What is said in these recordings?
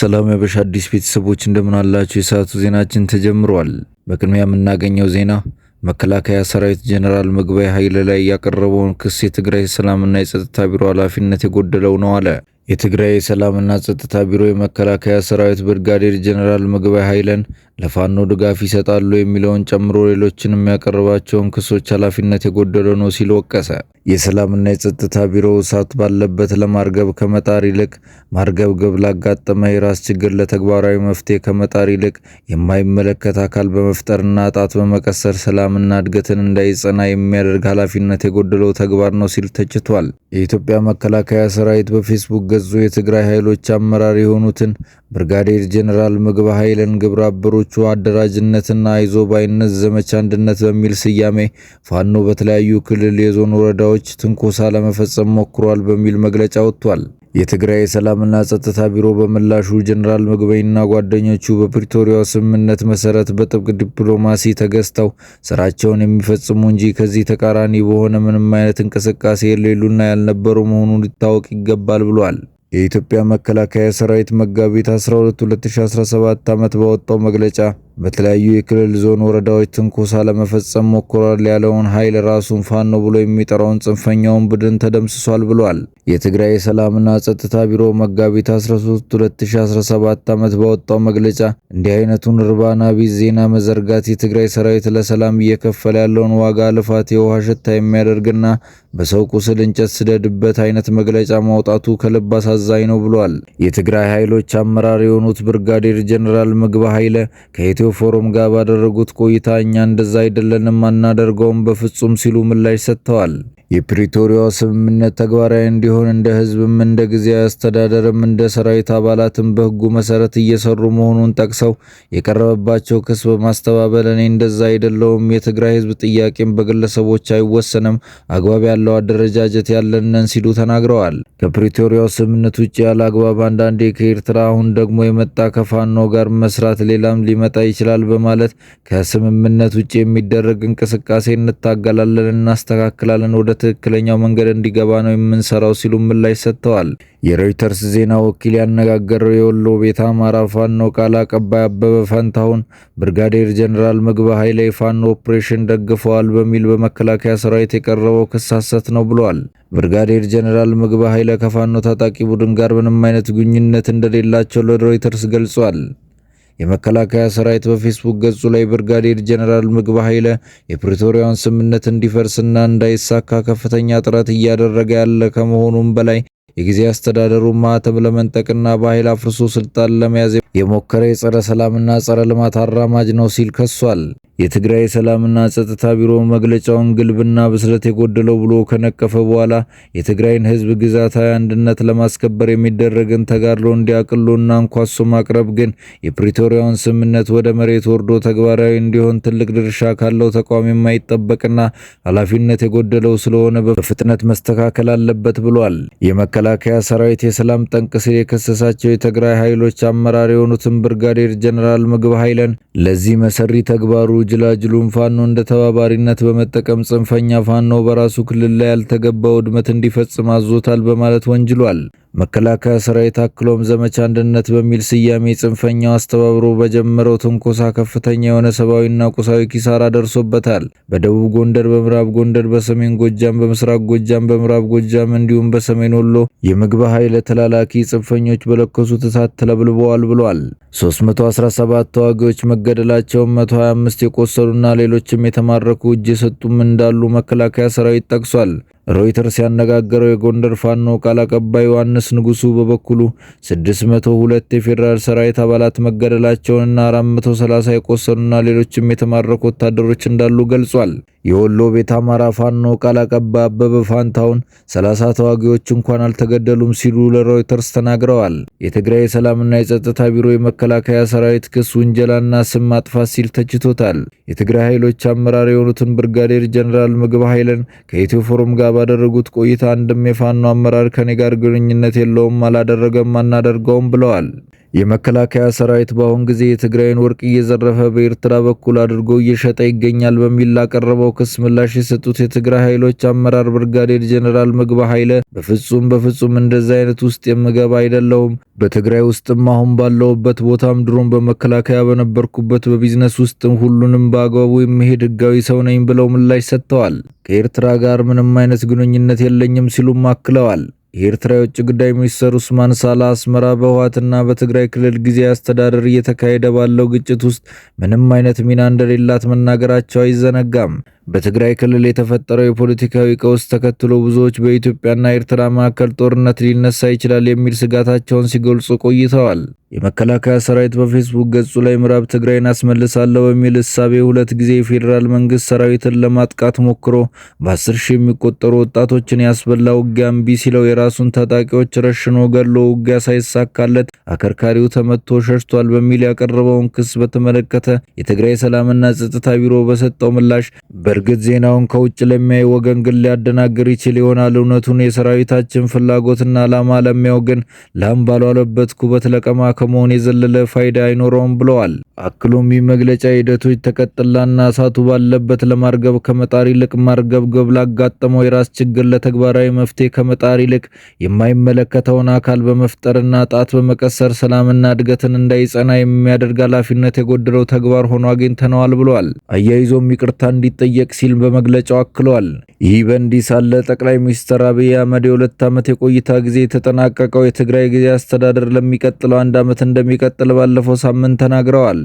ሰላም ያበሻ አዲስ ቤተሰቦች እንደምን አላችሁ? የሰዓቱ ዜናችን ተጀምሯል። በቅድሚያ የምናገኘው ዜና መከላከያ ሰራዊት ጀኔራል ምግባይ ኃይለ ላይ ያቀረበውን ክስ የትግራይ ሰላምና የጸጥታ ቢሮ ኃላፊነት የጎደለው ነው አለ። የትግራይ የሰላምና ጸጥታ ቢሮ የመከላከያ ሰራዊት ብርጋዴር ጀኔራል ምግባይ ኃይለን ለፋኖ ድጋፍ ይሰጣሉ የሚለውን ጨምሮ ሌሎችን የሚያቀርባቸውን ክሶች ኃላፊነት የጎደለ ነው ሲል ወቀሰ። የሰላምና የጸጥታ ቢሮ እሳት ባለበት ለማርገብ ከመጣር ይልቅ ማርገብገብ ላጋጠመ የራስ ችግር ለተግባራዊ መፍትሄ ከመጣር ይልቅ የማይመለከት አካል በመፍጠርና ጣት በመቀሰር ሰላምና እድገትን እንዳይጸና የሚያደርግ ኃላፊነት የጎደለው ተግባር ነው ሲል ተችቷል። የኢትዮጵያ መከላከያ ሰራዊት በፌስቡክ ገጹ የትግራይ ኃይሎች አመራር የሆኑትን ብርጋዴር ጄኔራል ምግበ ኃይልን ግብረ አበሮች በመሪዎቹ አደራጅነትና አይዞ ባይነት ዘመቻ አንድነት በሚል ስያሜ ፋኖ በተለያዩ ክልል የዞን ወረዳዎች ትንኮሳ ለመፈጸም ሞክሯል በሚል መግለጫ ወጥቷል። የትግራይ የሰላምና ጸጥታ ቢሮ በምላሹ ጀኔራል ምግበይና ጓደኞቹ በፕሪቶሪያው ስምምነት መሰረት በጥብቅ ዲፕሎማሲ ተገዝተው ስራቸውን የሚፈጽሙ እንጂ ከዚህ ተቃራኒ በሆነ ምንም አይነት እንቅስቃሴ የሌሉና ያልነበሩ መሆኑን ሊታወቅ ይገባል ብሏል። የኢትዮጵያ መከላከያ ሰራዊት መጋቢት 12 2017 ዓመት ባወጣው መግለጫ በተለያዩ የክልል ዞን ወረዳዎች ትንኮሳ ለመፈጸም ሞክሯል ያለውን ኃይል ራሱን ፋኖ ብሎ የሚጠራውን ጽንፈኛውን ቡድን ተደምስሷል ብሏል። የትግራይ የሰላምና ጸጥታ ቢሮ መጋቢት 13 2017 ዓመት ባወጣው መግለጫ እንዲህ አይነቱን ርባና ቢስ ዜና መዘርጋት የትግራይ ሰራዊት ለሰላም እየከፈለ ያለውን ዋጋ ልፋት የውሃ ሽታ የሚያደርግና በሰው ቁስል እንጨት ስደድበት አይነት መግለጫ ማውጣቱ ከልብ አሳዛኝ ነው ብሏል። የትግራይ ኃይሎች አመራር የሆኑት ብርጋዴር ጀኔራል ምግባ ኃይለ ከኢትዮ ከእሳቸው ፎረም ጋር ባደረጉት ቆይታ እኛ እንደዛ አይደለንም አናደርገውም በፍጹም ሲሉ ምላሽ ሰጥተዋል። የፕሪቶሪያው ስምምነት ተግባራዊ እንዲሆን እንደ ህዝብም እንደ ጊዜያዊ አስተዳደርም እንደ ሰራዊት አባላትም በሕጉ መሰረት እየሰሩ መሆኑን ጠቅሰው የቀረበባቸው ክስ በማስተባበል እኔ እንደዛ አይደለውም፣ የትግራይ ህዝብ ጥያቄም በግለሰቦች አይወሰንም፣ አግባብ ያለው አደረጃጀት ያለንን ሲሉ ተናግረዋል። ከፕሪቶሪያው ስምምነት ውጭ ያለ አግባብ አንዳንዴ ከኤርትራ አሁን ደግሞ የመጣ ከፋኖ ጋር መስራት ሌላም ሊመጣ ይችላል በማለት ከስምምነት ውጭ የሚደረግ እንቅስቃሴ እንታገላለን፣ እናስተካክላለን ወደ ትክክለኛው መንገድ እንዲገባ ነው የምንሰራው ሲሉ ምላሽ ሰጥተዋል። የሮይተርስ ዜና ወኪል ያነጋገረው የወሎ ቤተ አማራ ፋኖ ቃል አቀባይ አበበ ፈንታሁን ብርጋዴር ጀኔራል ምግበ ኃይለ የፋኖ ኦፕሬሽን ደግፈዋል በሚል በመከላከያ ሰራዊት የቀረበው ክስ ሐሰት ነው ብለዋል። ብርጋዴር ጀኔራል ምግበ ኃይለ ከፋኖ ታጣቂ ቡድን ጋር ምንም አይነት ግንኙነት እንደሌላቸው ለሮይተርስ ገልጿል። የመከላከያ ሰራዊት በፌስቡክ ገጹ ላይ ብርጋዴር ጀነራል ምግባ ኃይለ የፕሪቶሪያውን ስምምነት እንዲፈርስና እንዳይሳካ ከፍተኛ ጥረት እያደረገ ያለ ከመሆኑም በላይ የጊዜ አስተዳደሩ ማህተም ለመንጠቅና በኃይል አፍርሶ ስልጣን ለመያዝ የሞከረ የጸረ ሰላምና ጸረ ልማት አራማጅ ነው ሲል ከሷል። የትግራይ ሰላምና ጸጥታ ቢሮ መግለጫውን ግልብና ብስለት የጎደለው ብሎ ከነቀፈ በኋላ የትግራይን ህዝብ ግዛታዊ አንድነት ለማስከበር የሚደረግን ተጋድሎ እንዲያቅሉና እንኳሶ ማቅረብ ግን የፕሪቶሪያውን ስምምነት ወደ መሬት ወርዶ ተግባራዊ እንዲሆን ትልቅ ድርሻ ካለው ተቋም የማይጠበቅና ኃላፊነት የጎደለው ስለሆነ በፍጥነት መስተካከል አለበት ብሏል። የመከላከያ ሰራዊት የሰላም ጠንቅ ሲል የከሰሳቸው የትግራይ ኃይሎች አመራር የሆኑትን ብርጋዴር ጀኔራል ምግብ ኃይለን ለዚህ መሰሪ ተግባሩ ጅላጅሉን ፋኖ እንደ ተባባሪነት በመጠቀም ጽንፈኛ ፋኖ በራሱ ክልል ላይ ያልተገባ ውድመት እንዲፈጽም አዞታል በማለት ወንጅሏል። መከላከያ ሰራዊት አክሎም ዘመቻ አንድነት በሚል ስያሜ ጽንፈኛው አስተባብሮ በጀመረው ትንኮሳ ከፍተኛ የሆነ ሰብአዊና ቁሳዊ ኪሳራ ደርሶበታል። በደቡብ ጎንደር፣ በምዕራብ ጎንደር፣ በሰሜን ጎጃም፣ በምስራቅ ጎጃም፣ በምዕራብ ጎጃም እንዲሁም በሰሜን ወሎ የምግብ ኃይል ተላላኪ ጽንፈኞች በለከሱት እሳት ተለብልበዋል ብሏል። 317 ተዋጊዎች መገደላቸውን፣ 125 የቆሰሉና ሌሎችም የተማረኩ እጅ የሰጡም እንዳሉ መከላከያ ሰራዊት ጠቅሷል። ሮይተርስ ያነጋገረው የጎንደር ፋኖ ቃል አቀባይ ዮሐንስ ንጉሱ በበኩሉ 602 የፌዴራል ሰራዊት አባላት መገደላቸውንና 430 የቆሰሉና ሌሎችም የተማረኩ ወታደሮች እንዳሉ ገልጿል። የወሎ ቤት አማራ ፋኖ ቃል አቀባይ አበበ ፋንታውን 30 ተዋጊዎች እንኳን አልተገደሉም ሲሉ ለሮይተርስ ተናግረዋል። የትግራይ የሰላምና የጸጥታ ቢሮ የመከላከያ ሰራዊት ክስ ውንጀላና ስም ማጥፋት ሲል ተችቶታል። የትግራይ ኃይሎች አመራር የሆኑትን ብርጋዴር ጀኔራል ምግብ ኃይልን ከኢትዮ ፎረም ጋር ባደረጉት ቆይታ አንድም የፋኖ አመራር ከኔ ጋር ግንኙነት የለውም፣ አላደረገም፣ አናደርገውም ብለዋል። የመከላከያ ሰራዊት በአሁን ጊዜ የትግራይን ወርቅ እየዘረፈ በኤርትራ በኩል አድርጎ እየሸጠ ይገኛል በሚል ላቀረበው ክስ ምላሽ የሰጡት የትግራይ ኃይሎች አመራር ብርጋዴር ጀኔራል ምግባ ኃይለ በፍጹም በፍጹም እንደዚህ አይነት ውስጥ የምገባ አይደለሁም። በትግራይ ውስጥም አሁን ባለውበት ቦታም ድሮም በመከላከያ በነበርኩበት በቢዝነስ ውስጥም ሁሉንም በአግባቡ የሚሄድ ህጋዊ ሰው ነኝ ብለው ምላሽ ሰጥተዋል። ከኤርትራ ጋር ምንም አይነት ግንኙነት የለኝም ሲሉም አክለዋል። የኤርትራ የውጭ ጉዳይ ሚኒስትር ኡስማን ሳላ አስመራ በህወሓትና በትግራይ ክልል ጊዜ አስተዳደር እየተካሄደ ባለው ግጭት ውስጥ ምንም አይነት ሚና እንደሌላት መናገራቸው አይዘነጋም። በትግራይ ክልል የተፈጠረው የፖለቲካዊ ቀውስ ተከትሎ ብዙዎች በኢትዮጵያና ኤርትራ መካከል ጦርነት ሊነሳ ይችላል የሚል ስጋታቸውን ሲገልጹ ቆይተዋል። የመከላከያ ሰራዊት በፌስቡክ ገጹ ላይ ምዕራብ ትግራይን አስመልሳለሁ በሚል እሳቤ ሁለት ጊዜ የፌዴራል መንግስት ሰራዊትን ለማጥቃት ሞክሮ በአስር ሺህ የሚቆጠሩ ወጣቶችን ያስበላ ውጊያ እምቢ ሲለው የራሱን ታጣቂዎች ረሽኖ ገሎ ውጊያ ሳይሳካለት አከርካሪው ተመቶ ሸሽቷል በሚል ያቀረበውን ክስ በተመለከተ የትግራይ ሰላምና ጸጥታ ቢሮ በሰጠው ምላሽ በ። በእርግጥ ዜናውን ከውጭ ለሚያይ ወገን ግን ሊያደናግር ይችል ይሆናል። እውነቱን የሰራዊታችን ፍላጎትና ዓላማ ለሚያው ግን ላም ባልዋለበት ኩበት ለቀማ ከመሆን የዘለለ ፋይዳ አይኖረውም ብለዋል። አክሎም መግለጫ ሂደቶች ተቀጥላና እሳቱ ባለበት ለማርገብ ከመጣር ይልቅ ማርገብገብ ላጋጠመው የራስ ችግር ለተግባራዊ መፍትሄ ከመጣር ይልቅ የማይመለከተውን አካል በመፍጠርና ጣት በመቀሰር ሰላምና እድገትን እንዳይጸና የሚያደርግ ኃላፊነት የጎደለው ተግባር ሆኖ አግኝተነዋል ብለዋል። አያይዞም ይቅርታ እንዲጠየቅ ሲል በመግለጫው አክሏል። ይህ በእንዲህ ሳለ ጠቅላይ ሚኒስትር አብይ አህመድ የሁለት ዓመት የቆይታ ጊዜ የተጠናቀቀው የትግራይ ጊዜ አስተዳደር ለሚቀጥለው አንድ ዓመት እንደሚቀጥል ባለፈው ሳምንት ተናግረዋል።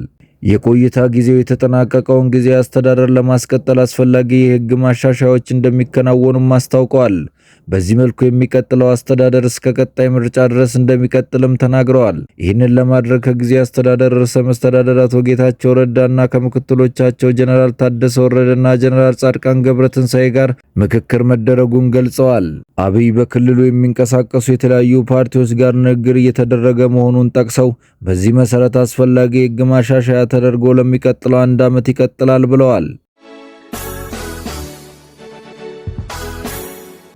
የቆይታ ጊዜው የተጠናቀቀውን ጊዜ አስተዳደር ለማስቀጠል አስፈላጊ የህግ ማሻሻያዎች እንደሚከናወኑም አስታውቀዋል። በዚህ መልኩ የሚቀጥለው አስተዳደር እስከ ቀጣይ ምርጫ ድረስ እንደሚቀጥልም ተናግረዋል። ይህንን ለማድረግ ከጊዜ አስተዳደር ርዕሰ መስተዳደር አቶ ጌታቸው ረዳና ከምክትሎቻቸው ጀኔራል ታደሰ ወረደና ጀኔራል ጻድቃን ገብረትንሳኤ ጋር ምክክር መደረጉን ገልጸዋል። አብይ በክልሉ የሚንቀሳቀሱ የተለያዩ ፓርቲዎች ጋር ንግግር እየተደረገ መሆኑን ጠቅሰው በዚህ መሰረት አስፈላጊ የሕግ ማሻሻያ ተደርጎ ለሚቀጥለው አንድ ዓመት ይቀጥላል ብለዋል።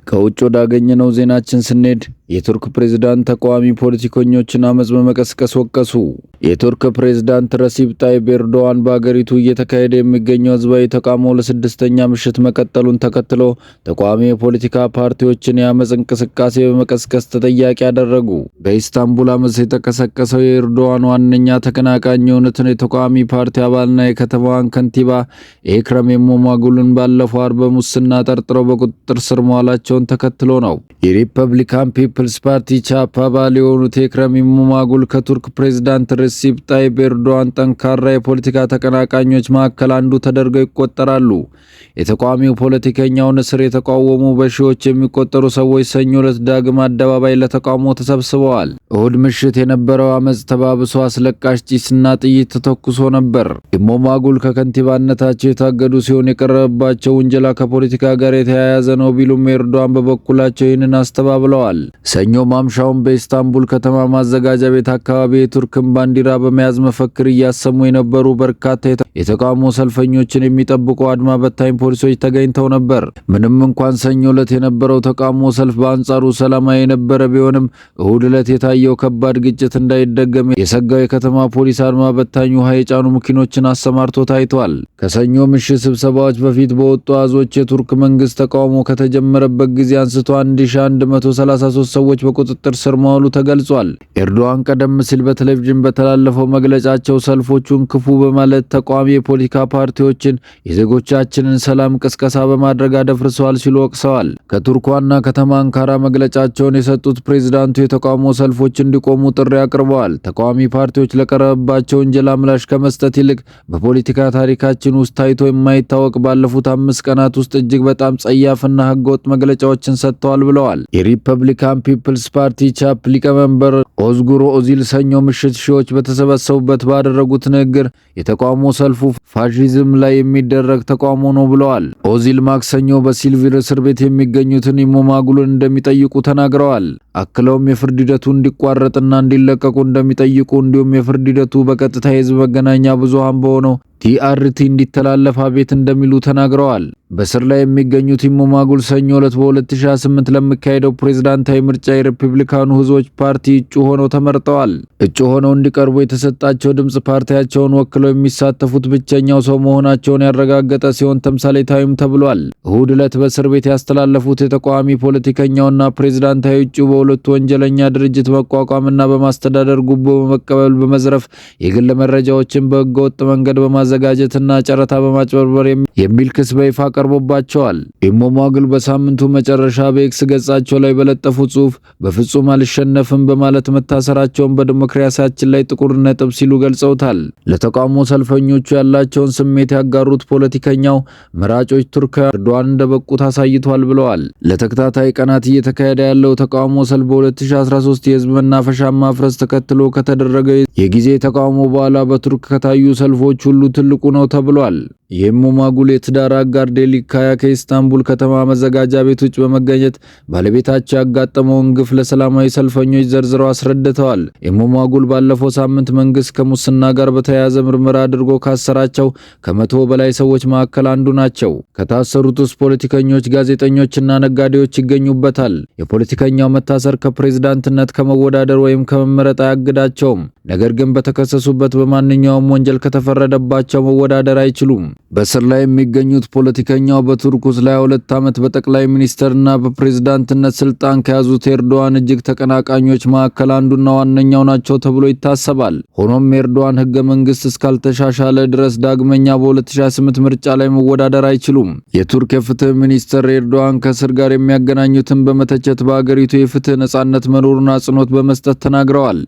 ከውጭ ወዳገኘነው ዜናችን ስንሄድ የቱርክ ፕሬዝዳንት ተቃዋሚ ፖለቲከኞችን አመፅ በመቀስቀስ ወቀሱ። የቱርክ ፕሬዝዳንት ረሲብ ጣይብ ኤርዶዋን በአገሪቱ እየተካሄደ የሚገኘው ህዝባዊ ተቃውሞ ለስድስተኛ ምሽት መቀጠሉን ተከትሎ ተቃዋሚ የፖለቲካ ፓርቲዎችን የአመፅ እንቅስቃሴ በመቀስቀስ ተጠያቂ አደረጉ። በኢስታንቡል አመፅ የተቀሰቀሰው የኤርዶዋን ዋነኛ ተቀናቃኝ የሆኑትን የተቃዋሚ ፓርቲ አባልና የከተማዋን ከንቲባ ኤክረም ኢማሞግሉን ባለፈው አርብ ሙስና ጠርጥረው በቁጥጥር ስር መዋላቸውን ተከትሎ ነው። የሪፐብሊካን የፒፕልስ ፓርቲ ቻፕ አባል የሆኑት ኤክረም ኢማሞግሉ ከቱርክ ፕሬዝዳንት ሬሲፕ ጣይብ ኤርዶዋን ጠንካራ የፖለቲካ ተቀናቃኞች መካከል አንዱ ተደርገው ይቆጠራሉ። የተቃዋሚው ፖለቲከኛውን እስር የተቃወሙ በሺዎች የሚቆጠሩ ሰዎች ሰኞ ዕለት ዳግም አደባባይ ለተቃውሞ ተሰብስበዋል። እሁድ ምሽት የነበረው አመፅ ተባብሶ አስለቃሽ ጭስና ጥይት ተተኩሶ ነበር። ኢማሞግሉ ከከንቲባነታቸው የታገዱ ሲሆን የቀረበባቸው ውንጀላ ከፖለቲካ ጋር የተያያዘ ነው ቢሉም ኤርዶዋን በበኩላቸው ይህንን አስተባብለዋል። ሰኞ ማምሻውን በኢስታንቡል ከተማ ማዘጋጃ ቤት አካባቢ የቱርክን ባንዲራ በመያዝ መፈክር እያሰሙ የነበሩ በርካታ የተቃውሞ ሰልፈኞችን የሚጠብቁ አድማ በታኝ ፖሊሶች ተገኝተው ነበር። ምንም እንኳን ሰኞ ዕለት የነበረው ተቃውሞ ሰልፍ በአንጻሩ ሰላማዊ የነበረ ቢሆንም እሁድ ዕለት የታየው ከባድ ግጭት እንዳይደገም የሰጋው የከተማ ፖሊስ አድማ በታኝ ውሃ የጫኑ መኪኖችን አሰማርቶ ታይቷል። ከሰኞ ምሽት ስብሰባዎች በፊት በወጡ አዞች የቱርክ መንግስት ተቃውሞ ከተጀመረበት ጊዜ አንስቶ 1133 ሰዎች በቁጥጥር ስር መዋሉ ተገልጿል። ኤርዶዋን ቀደም ሲል በቴሌቪዥን በተላለፈው መግለጫቸው ሰልፎቹን ክፉ በማለት ተቃዋሚ የፖለቲካ ፓርቲዎችን የዜጎቻችንን ሰላም ቅስቀሳ በማድረግ አደፍርሰዋል ሲሉ ወቅሰዋል። ከቱርክ ዋና ከተማ አንካራ መግለጫቸውን የሰጡት ፕሬዝዳንቱ የተቃውሞ ሰልፎች እንዲቆሙ ጥሪ አቅርበዋል። ተቃዋሚ ፓርቲዎች ለቀረበባቸው ወንጀል አምላሽ ከመስጠት ይልቅ በፖለቲካ ታሪካችን ውስጥ ታይቶ የማይታወቅ ባለፉት አምስት ቀናት ውስጥ እጅግ በጣም ጸያፍና ህገወጥ መግለጫዎችን ሰጥተዋል ብለዋል። የሪፐብሊካን የሱዳን ፒፕልስ ፓርቲ ቻፕ ሊቀመንበር ኦዝጉሮ ኦዚል ሰኞ ምሽት ሺዎች በተሰበሰቡበት ባደረጉት ንግግር የተቃውሞ ሰልፉ ፋሺዝም ላይ የሚደረግ ተቃውሞ ነው ብለዋል። ኦዚል ማክሰኞ በሲልቪር እስር ቤት የሚገኙትን ኢሞማጉልን እንደሚጠይቁ ተናግረዋል። አክለውም የፍርድ ሂደቱ እንዲቋረጥና እንዲለቀቁ እንደሚጠይቁ እንዲሁም የፍርድ ሂደቱ በቀጥታ የህዝብ መገናኛ ብዙሃን በሆነው ቲአርቲ እንዲተላለፍ አቤት እንደሚሉ ተናግረዋል። በስር ላይ የሚገኙት ኢሞማጉል ሰኞ ዕለት በ2008 ለሚካሄደው ፕሬዝዳንታዊ ምርጫ የሪፐብሊካኑ ህዝቦች ፓርቲ እጩ ሆነው ተመርጠዋል። እጩ ሆነው እንዲቀርቡ የተሰጣቸው ድምፅ ፓርቲያቸውን ወክለው የሚሳተፉት ብቸኛው ሰው መሆናቸውን ያረጋገጠ ሲሆን ተምሳሌታዊም ተብሏል። እሁድ ዕለት በእስር ቤት ያስተላለፉት የተቃዋሚ ፖለቲከኛውና ፕሬዝዳንታዊ እጩ በ በሁለቱ ወንጀለኛ ድርጅት መቋቋምና በማስተዳደር ጉቦ በመቀበል በመዝረፍ የግል መረጃዎችን በህገወጥ መንገድ በማዘጋጀትና ጨረታ በማጭበርበር የሚል ክስ በይፋ ቀርቦባቸዋል። ኢሞሟግል በሳምንቱ መጨረሻ በኤክስ ገጻቸው ላይ በለጠፉ ጽሁፍ በፍጹም አልሸነፍም በማለት መታሰራቸውን በዲሞክራሲያችን ላይ ጥቁር ነጥብ ሲሉ ገልጸውታል። ለተቃውሞ ሰልፈኞቹ ያላቸውን ስሜት ያጋሩት ፖለቲከኛው መራጮች ቱርክ ኤርዶዋን እንደበቁት አሳይቷል ብለዋል። ለተከታታይ ቀናት እየተካሄደ ያለው ተቃውሞ ሰልፍ በ2013 የህዝብ መናፈሻ ማፍረስ ተከትሎ ከተደረገ የጊዜ ተቃውሞ በኋላ በቱርክ ከታዩ ሰልፎች ሁሉ ትልቁ ነው ተብሏል። ይህም ሙማጉል የትዳር አጋር ዴሊ ካያ ከኢስታንቡል ከተማ መዘጋጃ ቤት ውጭ በመገኘት ባለቤታቸው ያጋጠመውን ግፍ ለሰላማዊ ሰልፈኞች ዘርዝረው አስረድተዋል። የሙማጉል ባለፈው ሳምንት መንግስት ከሙስና ጋር በተያያዘ ምርመራ አድርጎ ካሰራቸው ከመቶ በላይ ሰዎች መካከል አንዱ ናቸው። ከታሰሩት ውስጥ ፖለቲከኞች፣ ጋዜጠኞችና ነጋዴዎች ይገኙበታል። የፖለቲከኛው መታሰር ከፕሬዝዳንትነት ከመወዳደር ወይም ከመመረጥ አያግዳቸውም። ነገር ግን በተከሰሱበት በማንኛውም ወንጀል ከተፈረደባቸው መወዳደር አይችሉም። በስር ላይ የሚገኙት ፖለቲከኛው በቱርክ ላይ ሁለት ዓመት በጠቅላይ ሚኒስተርና በፕሬዝዳንትነት ስልጣን ከያዙት ኤርዶዋን እጅግ ተቀናቃኞች መካከል አንዱና ዋነኛው ናቸው ተብሎ ይታሰባል። ሆኖም ኤርዶዋን ህገ መንግስት እስካልተሻሻለ ድረስ ዳግመኛ በ2028 ምርጫ ላይ መወዳደር አይችሉም። የቱርክ የፍትህ ሚኒስተር ኤርዶዋን ከስር ጋር የሚያገናኙትን በመተቸት በአገሪቱ የፍትህ ነጻነት መኖሩን አጽንኦት በመስጠት ተናግረዋል።